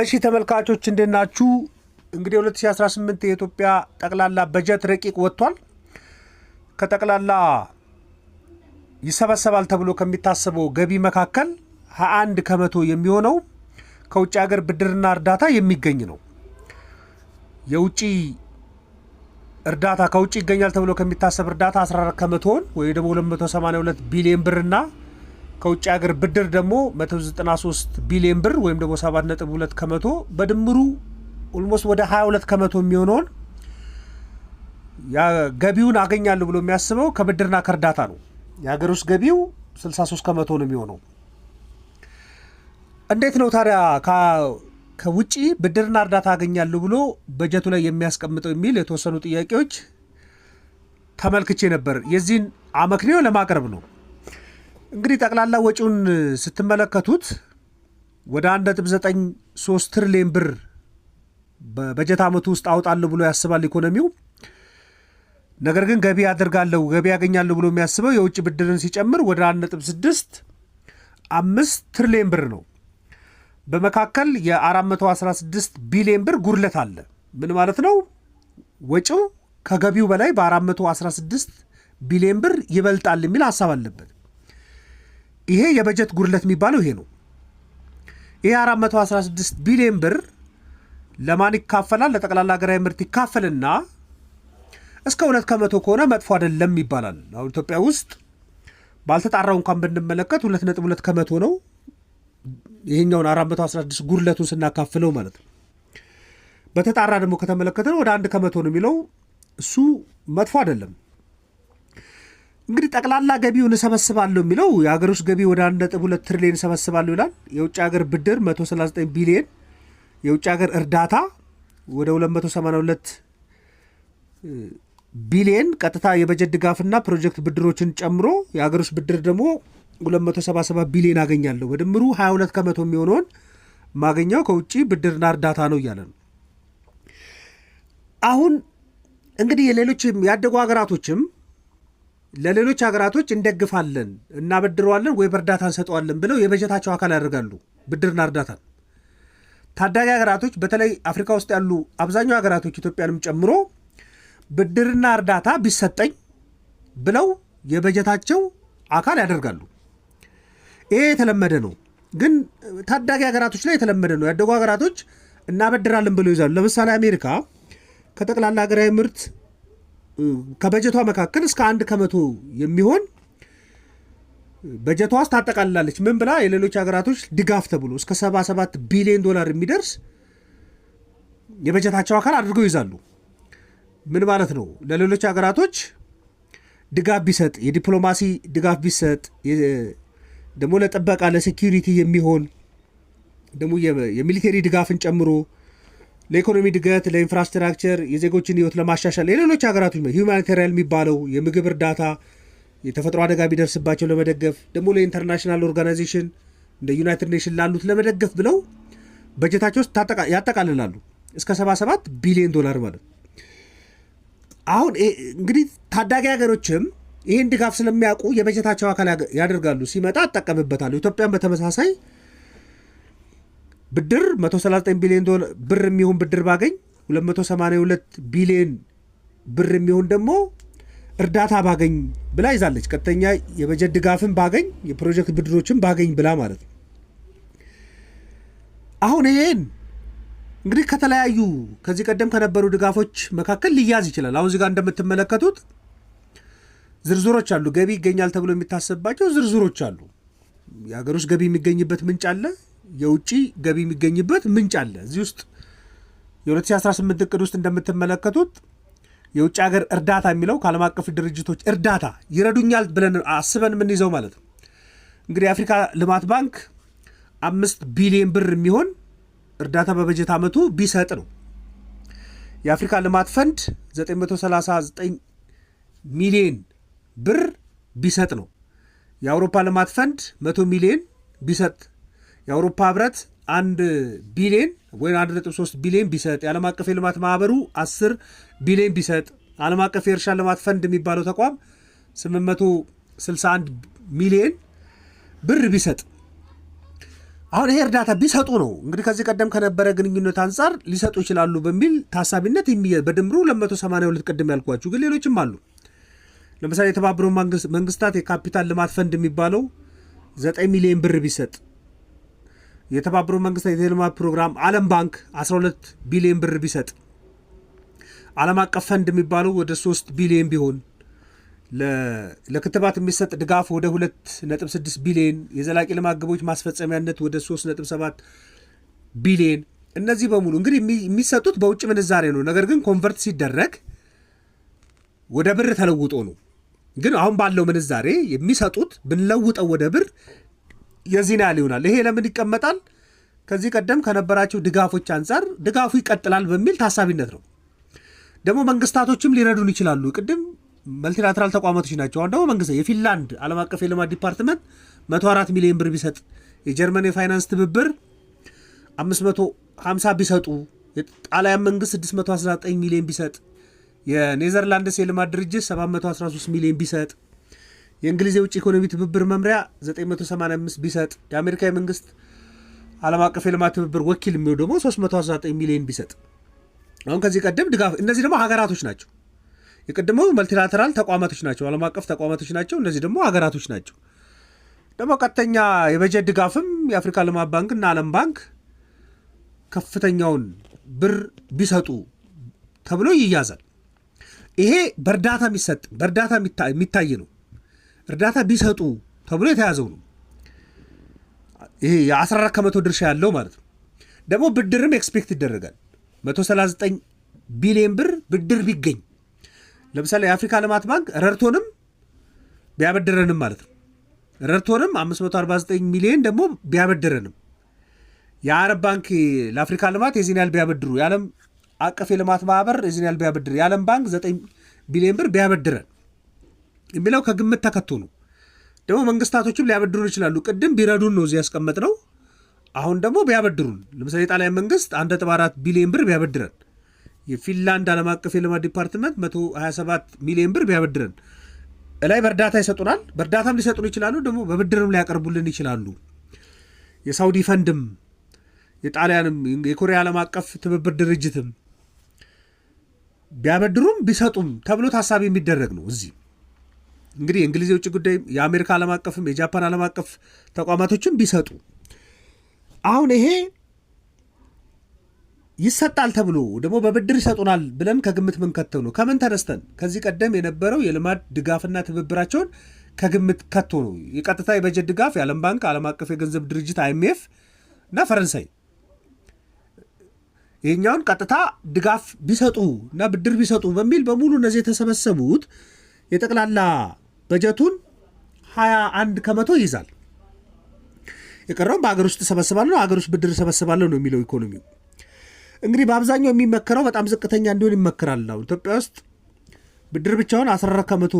እሺ ተመልካቾች እንደናችሁ እንግዲህ 2018 የኢትዮጵያ ጠቅላላ በጀት ረቂቅ ወጥቷል። ከጠቅላላ ይሰበሰባል ተብሎ ከሚታሰበው ገቢ መካከል 21 ከመቶ የሚሆነው ከውጭ ሀገር ብድርና እርዳታ የሚገኝ ነው። የውጭ እርዳታ ከውጭ ይገኛል ተብሎ ከሚታሰብ እርዳታ 14 ከመቶውን ወይ ደግሞ 282 ቢሊዮን ብርና ከውጭ ሀገር ብድር ደግሞ 193 ቢሊዮን ብር ወይም ደግሞ 7.2 ከመቶ በድምሩ ኦልሞስት ወደ 22 ከመቶ የሚሆነውን ገቢውን አገኛለሁ ብሎ የሚያስበው ከብድርና ከእርዳታ ነው። የሀገር ውስጥ ገቢው 63 ከመቶ ነው የሚሆነው። እንዴት ነው ታዲያ ከውጭ ብድርና እርዳታ አገኛለሁ ብሎ በጀቱ ላይ የሚያስቀምጠው የሚል የተወሰኑ ጥያቄዎች ተመልክቼ ነበር። የዚህን አመክንዮ ለማቅረብ ነው። እንግዲህ ጠቅላላ ወጪውን ስትመለከቱት ወደ 1.93 ትሪሊየን ብር በበጀት ዓመቱ ውስጥ አውጣለሁ ብሎ ያስባል ኢኮኖሚው። ነገር ግን ገቢ አደርጋለሁ ገቢ ያገኛለሁ ብሎ የሚያስበው የውጭ ብድርን ሲጨምር ወደ 1.6 5 ትሪሊየን ብር ነው። በመካከል የ416 ቢሊየን ብር ጉድለት አለ። ምን ማለት ነው? ወጪው ከገቢው በላይ በ416 ቢሊየን ብር ይበልጣል የሚል ሀሳብ አለበት። ይሄ የበጀት ጉድለት የሚባለው ይሄ ነው። ይሄ 416 ቢሊዮን ብር ለማን ይካፈላል? ለጠቅላላ ሀገራዊ ምርት ይካፈልና እስከ ሁለት ከመቶ ከሆነ መጥፎ አይደለም ይባላል። አሁን ኢትዮጵያ ውስጥ ባልተጣራው እንኳን ብንመለከት ሁለት ነጥብ ሁለት ከመቶ ነው። ይሄኛውን 416 ጉድለቱን ስናካፍለው ማለት ነው። በተጣራ ደግሞ ከተመለከተ ወደ አንድ ከመቶ ነው የሚለው እሱ መጥፎ አይደለም። እንግዲህ ጠቅላላ ገቢውን እሰበስባለሁ የሚለው የሀገር ውስጥ ገቢ ወደ 1.2 ትሪሊዮን እሰበስባለሁ ይላል። የውጭ ሀገር ብድር 139 ቢሊዮን፣ የውጭ ሀገር እርዳታ ወደ 282 ቢሊየን ቀጥታ የበጀት ድጋፍና ፕሮጀክት ብድሮችን ጨምሮ የሀገር ውስጥ ብድር ደግሞ 277 ቢሊዮን አገኛለሁ። በድምሩ 22 ከመቶ የሚሆነውን ማገኘው ከውጭ ብድርና እርዳታ ነው እያለ ነው። አሁን እንግዲህ የሌሎችም ያደጉ ሀገራቶችም ለሌሎች ሀገራቶች እንደግፋለን፣ እናበድረዋለን ወይ በእርዳታ እንሰጠዋለን ብለው የበጀታቸው አካል ያደርጋሉ ብድርና እርዳታን። ታዳጊ ሀገራቶች በተለይ አፍሪካ ውስጥ ያሉ አብዛኛው ሀገራቶች ኢትዮጵያንም ጨምሮ ብድርና እርዳታ ቢሰጠኝ ብለው የበጀታቸው አካል ያደርጋሉ። ይሄ የተለመደ ነው፣ ግን ታዳጊ ሀገራቶች ላይ የተለመደ ነው። ያደጉ ሀገራቶች እናበድራለን ብለው ይዛሉ። ለምሳሌ አሜሪካ ከጠቅላላ ሀገራዊ ምርት ከበጀቷ መካከል እስከ አንድ ከመቶ የሚሆን በጀቷ ውስጥ ታጠቃልላለች። ምን ብላ የሌሎች ሀገራቶች ድጋፍ ተብሎ እስከ 77 ቢሊዮን ዶላር የሚደርስ የበጀታቸው አካል አድርገው ይዛሉ። ምን ማለት ነው? ለሌሎች ሀገራቶች ድጋፍ ቢሰጥ የዲፕሎማሲ ድጋፍ ቢሰጥ ደግሞ ለጥበቃ ለሴኪሪቲ የሚሆን ደግሞ የሚሊቴሪ ድጋፍን ጨምሮ ለኢኮኖሚ እድገት፣ ለኢንፍራስትራክቸር፣ የዜጎችን ህይወት ለማሻሻል የሌሎች ሀገራቶች ሁማኒታሪያን የሚባለው የምግብ እርዳታ የተፈጥሮ አደጋ ቢደርስባቸው ለመደገፍ ደግሞ ለኢንተርናሽናል ኦርጋናይዜሽን እንደ ዩናይትድ ኔሽን ላሉት ለመደገፍ ብለው በጀታቸው ውስጥ ያጠቃልላሉ እስከ 77 ቢሊዮን ዶላር ማለት አሁን እንግዲህ ታዳጊ ሀገሮችም ይህን ድጋፍ ስለሚያውቁ የበጀታቸው አካል ያደርጋሉ። ሲመጣ አጠቀምበታሉ። ኢትዮጵያን በተመሳሳይ ብድር 139 ቢሊዮን ብር የሚሆን ብድር ባገኝ 282 ቢሊዮን ብር የሚሆን ደግሞ እርዳታ ባገኝ ብላ ይዛለች። ቀጥተኛ የበጀት ድጋፍን ባገኝ የፕሮጀክት ብድሮችን ባገኝ ብላ ማለት ነው። አሁን ይሄን እንግዲህ ከተለያዩ ከዚህ ቀደም ከነበሩ ድጋፎች መካከል ሊያዝ ይችላል። አሁን እዚህ እንደምትመለከቱት ዝርዝሮች አሉ። ገቢ ይገኛል ተብሎ የሚታሰብባቸው ዝርዝሮች አሉ። የሀገር ውስጥ ገቢ የሚገኝበት ምንጭ አለ። የውጭ ገቢ የሚገኝበት ምንጭ አለ። እዚህ ውስጥ የ2018 እቅድ ውስጥ እንደምትመለከቱት የውጭ ሀገር እርዳታ የሚለው ከዓለም አቀፍ ድርጅቶች እርዳታ ይረዱኛል ብለን አስበን የምንይዘው ማለት ነው። እንግዲህ የአፍሪካ ልማት ባንክ አምስት ቢሊዮን ብር የሚሆን እርዳታ በበጀት ዓመቱ ቢሰጥ ነው። የአፍሪካ ልማት ፈንድ 939 ሚሊዮን ብር ቢሰጥ ነው። የአውሮፓ ልማት ፈንድ 100 ሚሊዮን ቢሰጥ የአውሮፓ ህብረት አንድ ቢሊዮን ወይም አንድ ነጥብ ሶስት ቢሊዮን ቢሰጥ የዓለም አቀፍ የልማት ማህበሩ አስር ቢሊዮን ቢሰጥ ዓለም አቀፍ የእርሻ ልማት ፈንድ የሚባለው ተቋም 861 ሚሊዮን ብር ቢሰጥ አሁን ይሄ እርዳታ ቢሰጡ ነው እንግዲህ ከዚህ ቀደም ከነበረ ግንኙነት አንጻር ሊሰጡ ይችላሉ በሚል ታሳቢነት በድምሩ 282 ቅድም ያልኳችሁ ግን ሌሎችም አሉ። ለምሳሌ የተባበሩ መንግስታት የካፒታል ልማት ፈንድ የሚባለው 9 ሚሊዮን ብር ቢሰጥ የተባበሩት መንግስታት የልማት ፕሮግራም አለም ባንክ 12 ቢሊዮን ብር ቢሰጥ ዓለም አቀፍ ፈንድ የሚባለው ወደ 3 ቢሊዮን ቢሆን ለክትባት የሚሰጥ ድጋፍ ወደ 2.6 ቢሊዮን የዘላቂ ልማት ግቦች ማስፈጸሚያነት ወደ 3.7 ቢሊዮን እነዚህ በሙሉ እንግዲህ የሚሰጡት በውጭ ምንዛሬ ነው። ነገር ግን ኮንቨርት ሲደረግ ወደ ብር ተለውጦ ነው። ግን አሁን ባለው ምንዛሬ የሚሰጡት ብንለውጠው ወደ ብር የዚህን ያህል ይሆናል። ይሄ ለምን ይቀመጣል? ከዚህ ቀደም ከነበራቸው ድጋፎች አንጻር ድጋፉ ይቀጥላል በሚል ታሳቢነት ነው። ደግሞ መንግስታቶችም ሊረዱን ይችላሉ። ቅድም መልቲላትራል ተቋማቶች ናቸው። አሁን ደግሞ መንግስት የፊንላንድ ዓለም አቀፍ የልማት ዲፓርትመንት 104 ሚሊዮን ብር ቢሰጥ፣ የጀርመን የፋይናንስ ትብብር 550 ቢሰጡ፣ የጣሊያን መንግስት 619 ሚሊዮን ቢሰጥ፣ የኔዘርላንድስ የልማት ድርጅት 713 ሚሊዮን ቢሰጥ የእንግሊዝ የውጭ ኢኮኖሚ ትብብር መምሪያ 985 ቢሰጥ የአሜሪካ የመንግስት ዓለም አቀፍ የልማት ትብብር ወኪል የሚሆን ደግሞ 319 ሚሊዮን ቢሰጥ አሁን ከዚህ ቀደም ድጋፍ እነዚህ ደግሞ ሀገራቶች ናቸው። የቀድሞ መልቲላተራል ተቋማቶች ናቸው፣ ዓለም አቀፍ ተቋማቶች ናቸው። እነዚህ ደግሞ ሀገራቶች ናቸው። ደግሞ ቀጥተኛ የበጀት ድጋፍም የአፍሪካ ልማት ባንክ እና ዓለም ባንክ ከፍተኛውን ብር ቢሰጡ ተብሎ ይያዛል። ይሄ በእርዳታ የሚሰጥ በእርዳታ የሚታይ ነው። እርዳታ ቢሰጡ ተብሎ የተያዘው ነው። ይሄ የ14 ከመቶ ድርሻ ያለው ማለት ነው። ደግሞ ብድርም ኤክስፔክት ይደረጋል 139 ቢሊዮን ብር ብድር ቢገኝ ለምሳሌ የአፍሪካ ልማት ባንክ ረድቶንም ቢያበድረንም ማለት ነው ረድቶንም 549 ሚሊዮን ደግሞ ቢያበድረንም የአረብ ባንክ ለአፍሪካ ልማት የዚህን ያህል ቢያበድሩ የዓለም አቀፍ የልማት ማህበር የዚህን ያህል ቢያበድር የዓለም ባንክ 9 ቢሊዮን ብር ቢያበድረን የሚለው ከግምት ተከቶ ነው። ደግሞ መንግስታቶችም ሊያበድሩን ይችላሉ። ቅድም ቢረዱን ነው እዚህ ነው። አሁን ደግሞ ቢያበድሩን ለምሳሌ የጣሊያን መንግስት አንድ ነጥብ አራት ቢሊዮን ብር ቢያበድረን፣ የፊንላንድ ዓለም አቀፍ የልማት ዲፓርትመንት 127 ሚሊዮን ብር ቢያበድረን እላይ በእርዳታ ይሰጡናል። በእርዳታም ሊሰጡን ይችላሉ፣ ደግሞ በብድርም ሊያቀርቡልን ይችላሉ። የሳውዲ ፈንድም የጣሊያንም የኮሪያ ዓለም አቀፍ ትብብር ድርጅትም ቢያበድሩም ቢሰጡም ተብሎ ታሳቢ የሚደረግ ነው እዚህ እንግዲህ የእንግሊዝ የውጭ ጉዳይ የአሜሪካ ዓለም አቀፍም የጃፓን ዓለም አቀፍ ተቋማቶችም ቢሰጡ አሁን ይሄ ይሰጣል ተብሎ ደግሞ በብድር ይሰጡናል ብለን ከግምት ምንከተው ነው። ከምን ተነስተን ከዚህ ቀደም የነበረው የልማት ድጋፍና ትብብራቸውን ከግምት ከቶ ነው። የቀጥታ የበጀት ድጋፍ የዓለም ባንክ፣ ዓለም አቀፍ የገንዘብ ድርጅት አይኤምኤፍ እና ፈረንሳይ ይህኛውን ቀጥታ ድጋፍ ቢሰጡ እና ብድር ቢሰጡ በሚል በሙሉ እነዚህ የተሰበሰቡት የጠቅላላ በጀቱን 21 ከመቶ ይይዛል። የቀረውም በሀገር ውስጥ እሰበስባለሁ፣ ሀገር ውስጥ ብድር እሰበስባለሁ ነው የሚለው ኢኮኖሚው። እንግዲህ በአብዛኛው የሚመከረው በጣም ዝቅተኛ እንዲሆን ይመከራል። አሁን ኢትዮጵያ ውስጥ ብድር ብቻውን 14 ከመቶ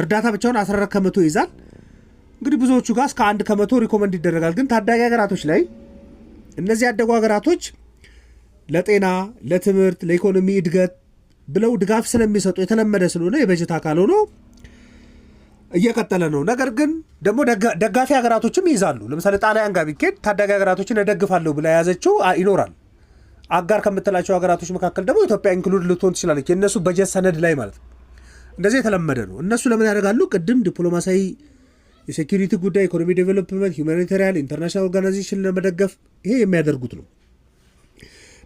እርዳታ ብቻውን 14 ከመቶ ይይዛል። እንግዲህ ብዙዎቹ ጋር እስከ አንድ ከመቶ ሪኮመንድ ይደረጋል። ግን ታዳጊ ሀገራቶች ላይ እነዚህ ያደጉ ሀገራቶች ለጤና፣ ለትምህርት፣ ለኢኮኖሚ እድገት ብለው ድጋፍ ስለሚሰጡ የተለመደ ስለሆነ የበጀት አካል ሆኖ እየቀጠለ ነው። ነገር ግን ደግሞ ደጋፊ ሀገራቶችም ይይዛሉ። ለምሳሌ ጣሊያን ጋር ቢኬድ ታዳጊ ሀገራቶችን እደግፋለሁ ብላ የያዘችው ይኖራል። አጋር ከምትላቸው ሀገራቶች መካከል ደግሞ ኢትዮጵያ ኢንክሉድ ልትሆን ትችላለች፣ የእነሱ በጀት ሰነድ ላይ ማለት ነው። እንደዚህ የተለመደ ነው። እነሱ ለምን ያደርጋሉ? ቅድም ዲፕሎማሲያዊ፣ የሴኪሪቲ ጉዳይ፣ ኢኮኖሚ ዴቨሎፕመንት፣ ሁማኒታሪያን፣ ኢንተርናሽናል ኦርጋናይዜሽን ለመደገፍ ይሄ የሚያደርጉት ነው።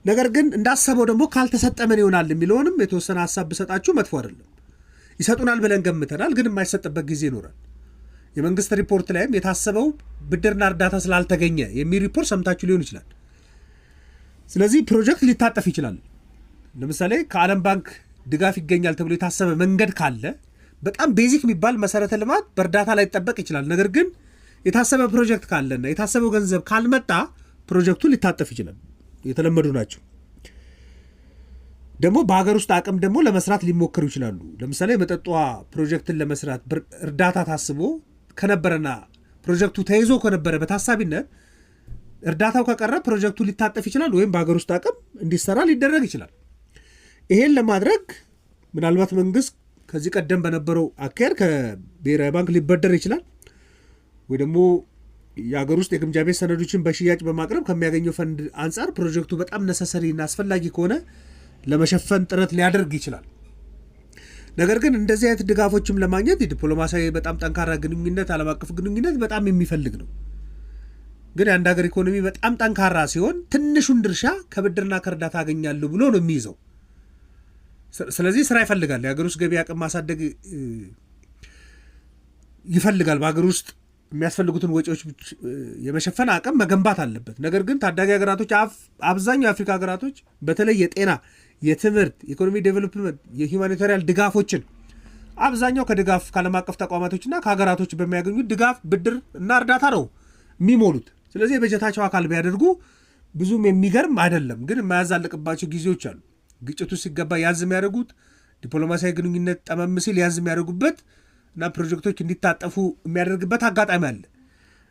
ነገር ግን እንዳሰበው ደግሞ ካልተሰጠመን ይሆናል የሚለውንም የተወሰነ ሀሳብ ብሰጣችሁ መጥፎ አይደለም። ይሰጡናል ብለን ገምተናል፣ ግን የማይሰጥበት ጊዜ ይኖራል። የመንግስት ሪፖርት ላይም የታሰበው ብድርና እርዳታ ስላልተገኘ የሚል ሪፖርት ሰምታችሁ ሊሆን ይችላል። ስለዚህ ፕሮጀክት ሊታጠፍ ይችላል። ለምሳሌ ከዓለም ባንክ ድጋፍ ይገኛል ተብሎ የታሰበ መንገድ ካለ በጣም ቤዚክ የሚባል መሰረተ ልማት በእርዳታ ላይ ይጠበቅ ይችላል። ነገር ግን የታሰበ ፕሮጀክት ካለና የታሰበው ገንዘብ ካልመጣ ፕሮጀክቱ ሊታጠፍ ይችላል። የተለመዱ ናቸው። ደግሞ በሀገር ውስጥ አቅም ደግሞ ለመስራት ሊሞክሩ ይችላሉ። ለምሳሌ መጠጧ ፕሮጀክትን ለመስራት እርዳታ ታስቦ ከነበረና ፕሮጀክቱ ተይዞ ከነበረ በታሳቢነት እርዳታው ከቀረ ፕሮጀክቱ ሊታጠፍ ይችላል፣ ወይም በሀገር ውስጥ አቅም እንዲሰራ ሊደረግ ይችላል። ይሄን ለማድረግ ምናልባት መንግስት ከዚህ ቀደም በነበረው አካሄድ ከብሔራዊ ባንክ ሊበደር ይችላል ወይ ደግሞ የሀገር ውስጥ የግምጃ ቤት ሰነዶችን በሽያጭ በማቅረብ ከሚያገኘው ፈንድ አንጻር ፕሮጀክቱ በጣም ነሰሰሪ እና አስፈላጊ ከሆነ ለመሸፈን ጥረት ሊያደርግ ይችላል። ነገር ግን እንደዚህ አይነት ድጋፎችም ለማግኘት የዲፕሎማሲያዊ በጣም ጠንካራ ግንኙነት፣ ዓለም አቀፍ ግንኙነት በጣም የሚፈልግ ነው። ግን የአንድ ሀገር ኢኮኖሚ በጣም ጠንካራ ሲሆን ትንሹን ድርሻ ከብድርና ከእርዳታ አገኛለሁ ብሎ ነው የሚይዘው። ስለዚህ ስራ ይፈልጋል። የሀገር ውስጥ ገቢ አቅም ማሳደግ ይፈልጋል። በሀገር ውስጥ የሚያስፈልጉትን ወጪዎች የመሸፈን አቅም መገንባት አለበት። ነገር ግን ታዳጊ ሀገራቶች፣ አብዛኛው የአፍሪካ ሀገራቶች በተለይ የጤና፣ የትምህርት፣ የኢኮኖሚ ዴቨሎፕመንት፣ የሁማኒታሪያን ድጋፎችን አብዛኛው ከድጋፍ ከዓለም አቀፍ ተቋማቶችና ከሀገራቶች በሚያገኙት ድጋፍ፣ ብድር እና እርዳታ ነው የሚሞሉት። ስለዚህ የበጀታቸው አካል ቢያደርጉ ብዙም የሚገርም አይደለም። ግን የማያዛልቅባቸው ጊዜዎች አሉ። ግጭቱ ሲገባ ያዝ የሚያደርጉት ዲፕሎማሲያዊ ግንኙነት ጠመም ሲል ያዝ የሚያደርጉበት እና ፕሮጀክቶች እንዲታጠፉ የሚያደርግበት አጋጣሚ አለ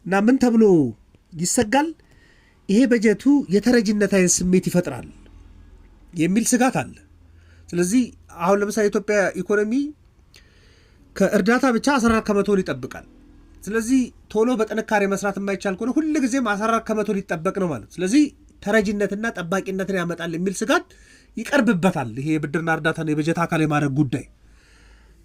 እና ምን ተብሎ ይሰጋል? ይሄ በጀቱ የተረጅነት አይነት ስሜት ይፈጥራል የሚል ስጋት አለ። ስለዚህ አሁን ለምሳሌ የኢትዮጵያ ኢኮኖሚ ከእርዳታ ብቻ 14 ከመቶን ይጠብቃል። ስለዚህ ቶሎ በጥንካሬ መስራት የማይቻል ከሆነ ጊዜም 14 ከመቶ ሊጠበቅ ነው ማለት። ስለዚህ ተረጅነትና ጠባቂነትን ያመጣል የሚል ስጋት ይቀርብበታል። ይሄ የብድርና እርዳታ የበጀት አካል የማድረግ ጉዳይ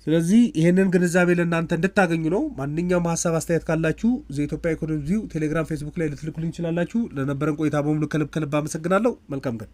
ስለዚህ ይህንን ግንዛቤ ለእናንተ እንድታገኙ ነው። ማንኛውም ሀሳብ አስተያየት ካላችሁ ዘኢትዮጵያ ኢኮኖሚ ቪው ቴሌግራም፣ ፌስቡክ ላይ ልትልኩልኝ ይችላላችሁ። ለነበረን ቆይታ በሙሉ ከልብ ከልብ አመሰግናለሁ። መልካም ቀን